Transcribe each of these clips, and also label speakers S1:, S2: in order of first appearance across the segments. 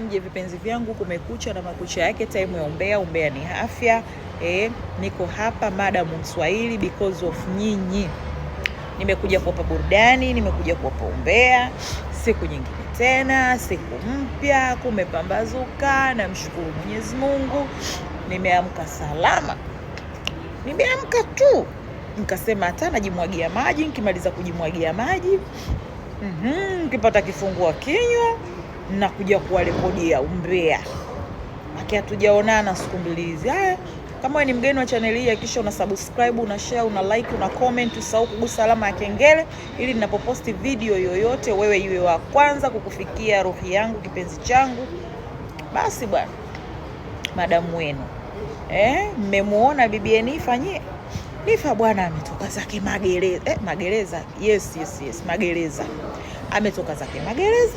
S1: mje vipenzi vyangu, kumekucha na makucha yake, taimu ya umbea. Umbea ni afya e, niko hapa Madam Mswahili because of nyinyi. Nimekuja kuwapa burudani, nimekuja kuwapa umbea. Siku nyingine tena, siku mpya, kumepambazuka. Namshukuru Mwenyezi Mungu, nimeamka salama, nimeamka tu nikasema hata najimwagia maji. Nikimaliza kujimwagia maji, mm -hmm, nikipata kifungua kinywa nakuja kuwarekodia umbea maki, hatujaonana siku mbili hizi. Haya, kama ni mgeni wa chaneli hii, hakikisha una subscribe, una share, una like, una comment. Usahau kugusa alama ya kengele ili ninapoposti video yoyote wewe iwe wa kwanza kukufikia. Rohi yangu kipenzi changu, basi bwana, madamu wenu eh, mmemuona bibi Enifa nyie Nifa bwana ametoka zake magereza. Eh, magereza yes, yes, yes, magereza ametoka zake magereza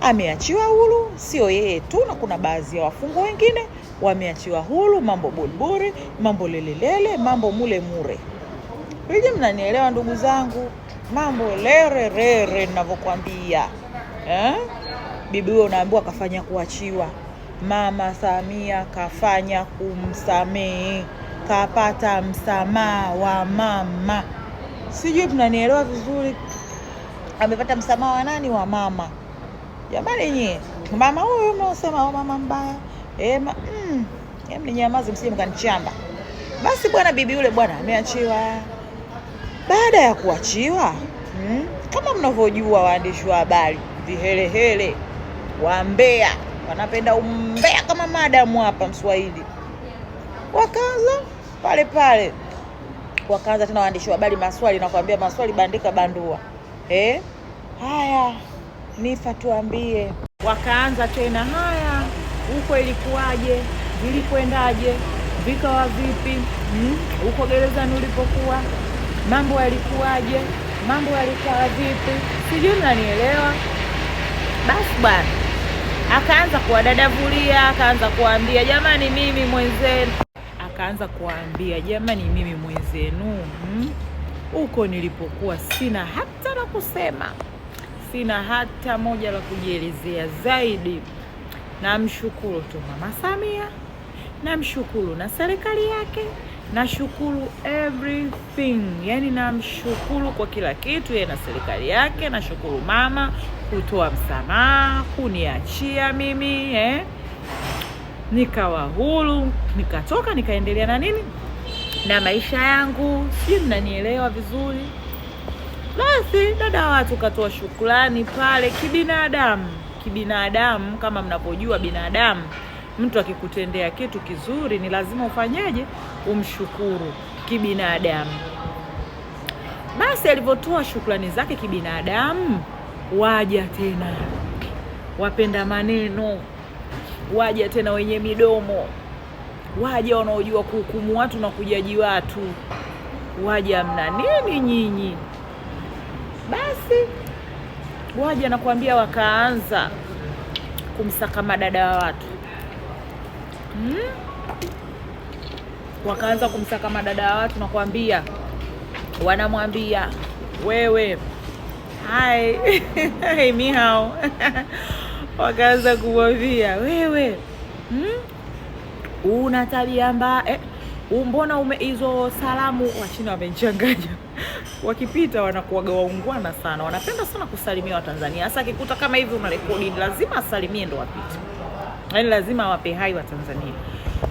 S1: ameachiwa huru, sio yeye tu, na kuna baadhi ya wafungwa wengine wameachiwa huru, mambo buriburi, mambo lelelele, mambo mule mure. Hiji mnanielewa ndugu zangu, mambo lererere ninavyokwambia eh? Bibi huyo unaambiwa kafanya kuachiwa. Mama Samia kafanya kumsamehe, kapata msamaha wa mama. Sijui mnanielewa vizuri, amepata msamaha wa nani? Wa mama. Jamani nyie, mama huyu mnaosema mama mbaya eh, ma, mm, mninyamaze, msije mkanichamba. Basi bwana, bibi yule bwana ameachiwa. Baada ya kuachiwa mm, kama mnavyojua waandishi wa habari vihelehele, wambea wanapenda umbea kama madamu hapa Mswahili, wakaanza pale pale, wakaanza tena waandishi wa habari maswali, nakwambia maswali, bandika bandua eh, haya Nifa, tuambie. Wakaanza tena, haya huko ilikuwaje, vilikwendaje, vikawa vipi hmm? huko hmm? gerezani ulipokuwa mambo yalikuwaje, mambo yalikuwa vipi? Sijui nanielewa. Basi bwana akaanza kuwadadavulia, akaanza kuwaambia jamani, mimi mwenzenu, akaanza kuwaambia jamani, mimi mwenzenu hmm? huko hmm? nilipokuwa sina hata la kusema sina hata moja la kujielezea zaidi. Namshukuru tu Mama Samia, namshukuru na serikali yake, nashukuru everything, yaani namshukuru kwa kila kitu, yeye yaani na serikali yake. Nashukuru mama kutoa msamaha, kuniachia mimi eh, nikawa huru, nikatoka nikaendelea na nini na maisha yangu, sijui mnanielewa vizuri. Basi dada watu katoa shukrani pale kibinadamu. Kibinadamu kama mnavyojua, binadamu mtu akikutendea kitu kizuri ni lazima ufanyeje? Umshukuru kibinadamu. Basi alivyotoa shukrani zake kibinadamu, waja tena wapenda maneno, waja tena wenye midomo, waja wanaojua kuhukumu watu na kujaji watu, waja mna nini nyinyi? basi waje nakwambia, wakaanza kumsaka madada wa watu hmm? Wakaanza kumsaka madada wa watu nakwambia, wanamwambia wewe hai hey, mihao wakaanza kumwambia wewe, hmm? una tabia mbaya eh, mbona ume hizo salamu washina wamenichanganya wakipita wanakuwaga waungwana sana, wanapenda sana kusalimia Watanzania, hasa akikuta kama hivi unarekodi, lazima asalimie ndo wapite, yaani lazima awape hai Watanzania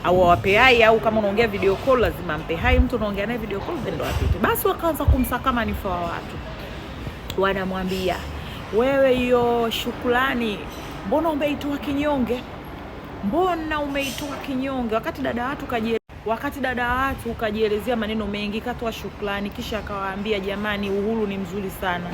S1: au awape hai, au kama unaongea video call lazima ampe hai mtu unaongea naye video call ndo apite. Basi wakaanza kumsakama nifa wa watu, wanamwambia wewe, hiyo Shukrani mbona umeitoa kinyonge? Mbona umeitoa kinyonge? wakati dada watu kajieleza wakati dada watu kajielezea maneno mengi, katoa shukrani, kisha akawaambia jamani, Uhuru ni mzuri sana,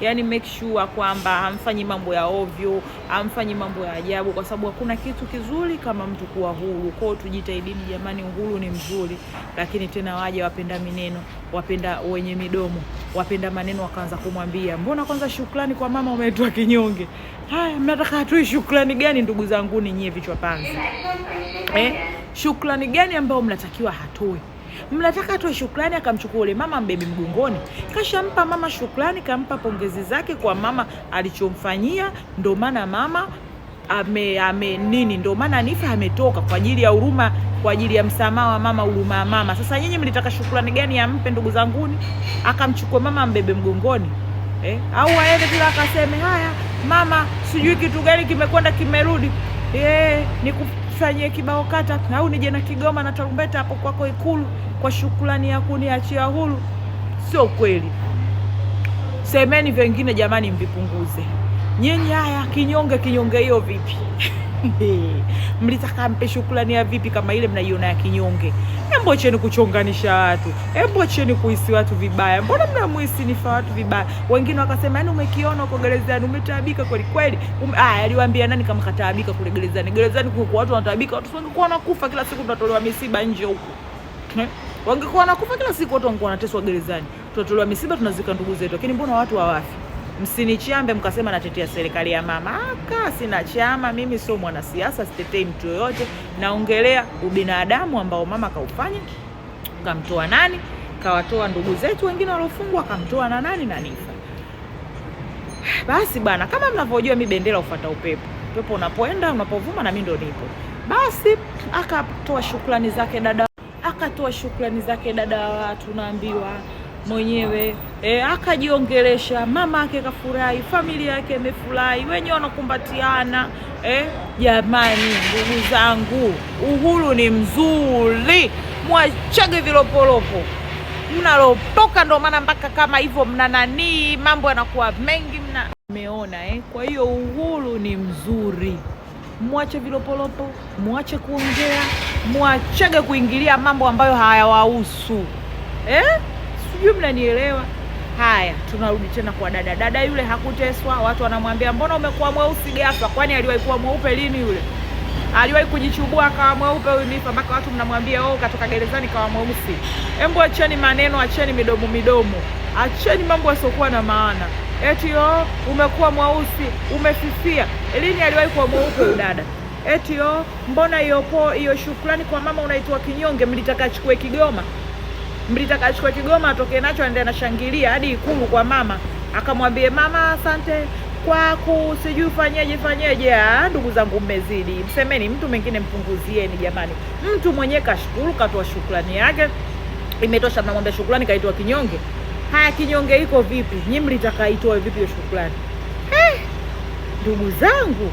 S1: yaani make sure kwamba hamfanyi mambo ya ovyo, hamfanyi mambo ya ajabu, kwa sababu hakuna kitu kizuri kama mtu kuwa huru. Kwao tujitahidini jamani, Uhuru ni mzuri, lakini tena waje wapenda mineno, wapenda wenye midomo, wapenda maneno, wakaanza kumwambia mbona kwanza shukrani kwa mama umetoa kinyonge. Haya, mnataka hatui shukrani gani ndugu ni nyie vichwa panzi eh? shukrani gani ambayo mnatakiwa hatoe? Mnataka atoe shukrani akamchukua ule mama mbebe mgongoni? Kashampa mama shukrani, kampa pongezi zake kwa mama alichomfanyia, ndo maana mama ame, ame nini, ndo maana Nifa ametoka kwa ajili ya huruma, kwa ajili ya msamaha wa mama, huruma ya mama. Sasa nyinyi mlitaka shukrani gani ampe? Ndugu zanguni, akamchukua mama mbebe mgongoni eh? Au aende bila akaseme haya mama, sijui kitu gani kimekwenda kimerudi eh, niku tufanyie kibao kata au nije na Kigoma na tarumbeta hapo kwako Ikulu kwa shukrani ya kuniachia huru. Sio kweli, semeni vingine jamani, mvipunguze nyenye haya kinyonge. Kinyonge hiyo vipi? mlitaka mpe shukrani ya vipi kama ile mnaiona ya kinyonge? embo cheni kuchonganisha watu, embo cheni kuhisi watu vibaya. Mbona mnamuhisi nifa watu vibaya? Wengine wakasema, yaani umekiona uko gerezani umetaabika kweli kweli. Um, ah, aliwaambia nani kama kataabika kule gerezani? Gerezani kuko watu wanataabika, watu wangekuwa wanakufa kila siku, tunatolewa misiba nje huko, eh? wangekuwa wanakufa kila siku, watu wangekuwa wanateswa gerezani, tunatolewa misiba, tunazika ndugu zetu, lakini mbona watu hawafi? Msinichambe mkasema natetea serikali ya mama. Aka sina chama mimi, sio mwanasiasa, sitetei mtu yoyote. Naongelea ubinadamu ambao mama kaufanya, kamtoa nani, kawatoa ndugu zetu wengine waliofungwa, kamtoa na nani na Nifa. Basi bana, kama mnavyojua mi bendera ufata upepo, upepo unapoenda unapovuma, na mimi ndo nipo. Basi akatoa shukrani zake dada, akatoa shukrani zake dada watu, naambiwa mwenyewe e, akajiongelesha, mama yake kafurahi, familia yake imefurahi, wenyewe wanakumbatiana. E, jamani, ndugu zangu, uhuru ni mzuri, mwachage vilopolopo mnalotoka. Ndo maana mpaka kama hivyo mna nanii, mambo yanakuwa mengi mna meona eh. Kwa hiyo uhuru ni mzuri, mwache vilopolopo, mwache kuongea, mwachage kuingilia mambo ambayo hayawahusu eh? sijui mnanielewa. Haya, tunarudi tena kwa dada. Dada yule hakuteswa, watu wanamwambia mbona umekuwa mweusi ghafla? Kwani aliwahi kuwa mweupe lini? Yule aliwahi kujichubua akawa mweupe huyu Nifa, mpaka watu mnamwambia oh, katoka gerezani kawa mweusi. embo acheni maneno, acheni midomo midomo, acheni mambo yasiokuwa na maana. Eti oh, umekuwa mweusi, umefifia. Lini aliwahi kuwa mweupe dada? Eti oh, mbona hiyo po hiyo shukrani kwa mama unaitwa kinyonge, mlitaka achukue Kigoma Mlita kachukua kigoma atoke nacho, aende anashangilia hadi Ikulu kwa mama, akamwambie mama, asante kwaku, sijui fanyeje fanyeje. Ah, ndugu zangu, mmezidi, msemeni mtu mwingine, mpunguzieni jamani. Mtu mwenyewe kashukuru, katoa shukrani yake, imetosha. Mnamwambia shukrani kaitoa kinyonge. Haya, kinyonge iko vipi? Nyi mlitaka kaitoa vipi shukrani? Eh, ndugu zangu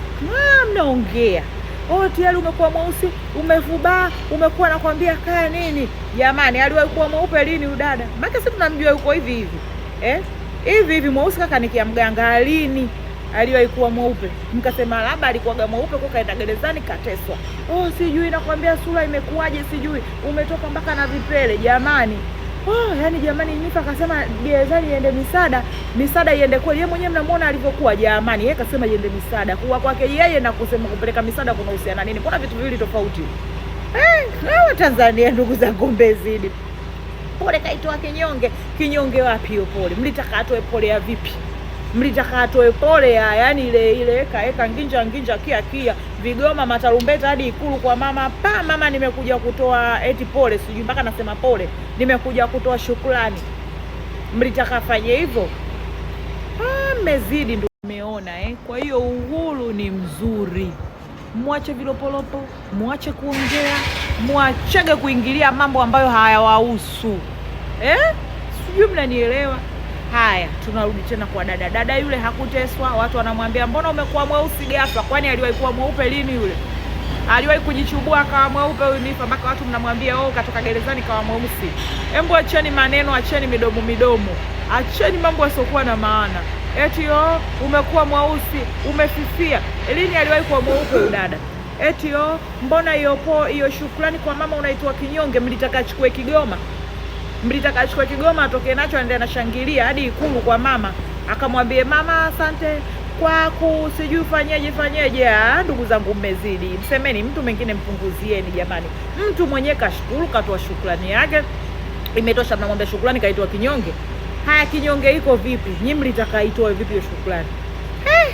S1: mnaongea oh, tayari umekuwa mweusi, umevubaa, umekuwa nakwambia kaya nini. Jamani, aliwahi kuwa mweupe lini udada? Maana sisi tunamjua yuko hivi hivi eh? hivi hivi mweusi kaka nikia mganga lini aliwahi kuwa mweupe? Mkasema labda alikuwaga mweupe kwa kaenda gerezani kateswa. Oh, sijui nakwambia sura imekuwaje, sijui umetoka mpaka na vipele jamani oh, ah, yani jamani, Nifa akasema gerezani iende misaada, misaada iende kweli. Yeye mwenyewe mnamwona alivyokuwa, jamani, yeye kasema iende misaada. Kuwa kwake yeye na kusema kupeleka misaada kunahusiana nini? Kuna vitu viwili tofauti eh. Hawa Tanzania, ndugu zangu, mbezidi pole kaitoa kinyonge. Kinyonge wapi yo pole? Mlitaka atoe pole ya vipi? Mlitaka atoe pole ya yani ile ile kaeka nginja nginja kia kia Vigoma matarumbeta hadi Ikulu kwa mama pa mama, nimekuja kutoa eti pole, sijui mpaka nasema pole, nimekuja kutoa shukrani. Mlitaka fanye hivyo? Mmezidi, ndo umeona eh. Kwa hiyo uhuru ni mzuri, mwache vilopolopo, mwache kuongea, mwachege kuingilia mambo ambayo hayawahusu eh? Sijui mnanielewa. Haya, tunarudi tena kwa dada. Dada yule hakuteswa, watu wanamwambia mbona umekuwa mweusi ghafla? Kwani aliwahi kuwa mweupe lini? Yule aliwahi kujichubua akawa mweupe huyu Nifa, mpaka watu mnamwambia oh, katoka gerezani kawa mweusi. Embo, acheni maneno, acheni midomo midomo, acheni mambo yasiokuwa na maana. Eti oh, umekuwa mweusi umefifia. Lini aliwahi kuwa mweupe dada? Eti oh, mbona hiyo po hiyo shukrani kwa mama unaitwa kinyonge, mlitaka achukue Kigoma Mlita kachukua Kigoma atoke nacho aende anashangilia hadi Ikulu kwa mama, akamwambie mama, asante kwaku, sijui fanyeje fanyeje. Ah, ndugu zangu, mmezidi, msemeni mtu mwingine, mpunguzieni jamani. Mtu mwenyewe kashukuru, katoa shukrani yake, imetosha. Mnamwambia shukrani kaitoa kinyonge. Haya, kinyonge iko vipi? Nyinyi mlitaka itoe vipi shukrani? Eh,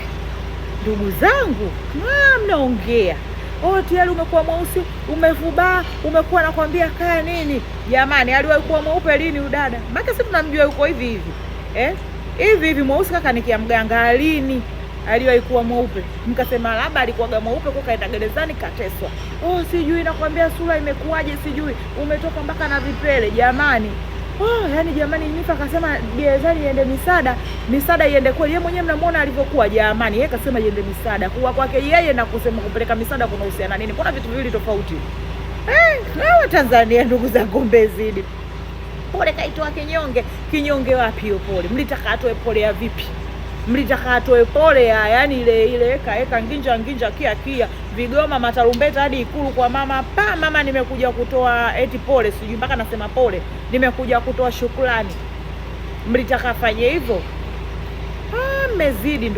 S1: ndugu zangu mnaongea oh, tayari umekuwa mweusi, umevubaa, umekuwa nakwambia kaya nini. Jamani, aliwahi kuwa mweupe lini udada? Maana sisi tunamjua yuko hivi hivi eh? hivi hivi mweusi kaka ni kiamganga lini aliwahi kuwa mweupe? Mkasema labda alikuwaga mweupe kwa kaenda gerezani kateswa. Oh, sijui nakwambia sura imekuwaje, sijui umetoka mpaka na vipele. Jamani oh, ah, yani jamani, nyifa akasema gerezani iende misaada, misaada iende kweli. Yeye mwenyewe mnamwona alivyokuwa jamani, yeye kasema iende misaada. Kuwa kwake yeye na kusema kupeleka misaada kunahusiana nini? Kuna vitu viwili tofauti. Eh, Tanzania, ndugu gombe zidi Pole kaitoa kinyonge. Kinyonge wapi hiyo pole? Mlitaka atoe pole ya vipi? Mlitaka atoe pole ya yani ile ile kaeka nginja nginja kia kia vigoma matarumbeta hadi Ikulu kwa mama pa mama, nimekuja kutoa eti pole, sijui mpaka nasema pole, nimekuja kutoa shukrani. Mlitaka fanye hivyo? Ah, mmezidi.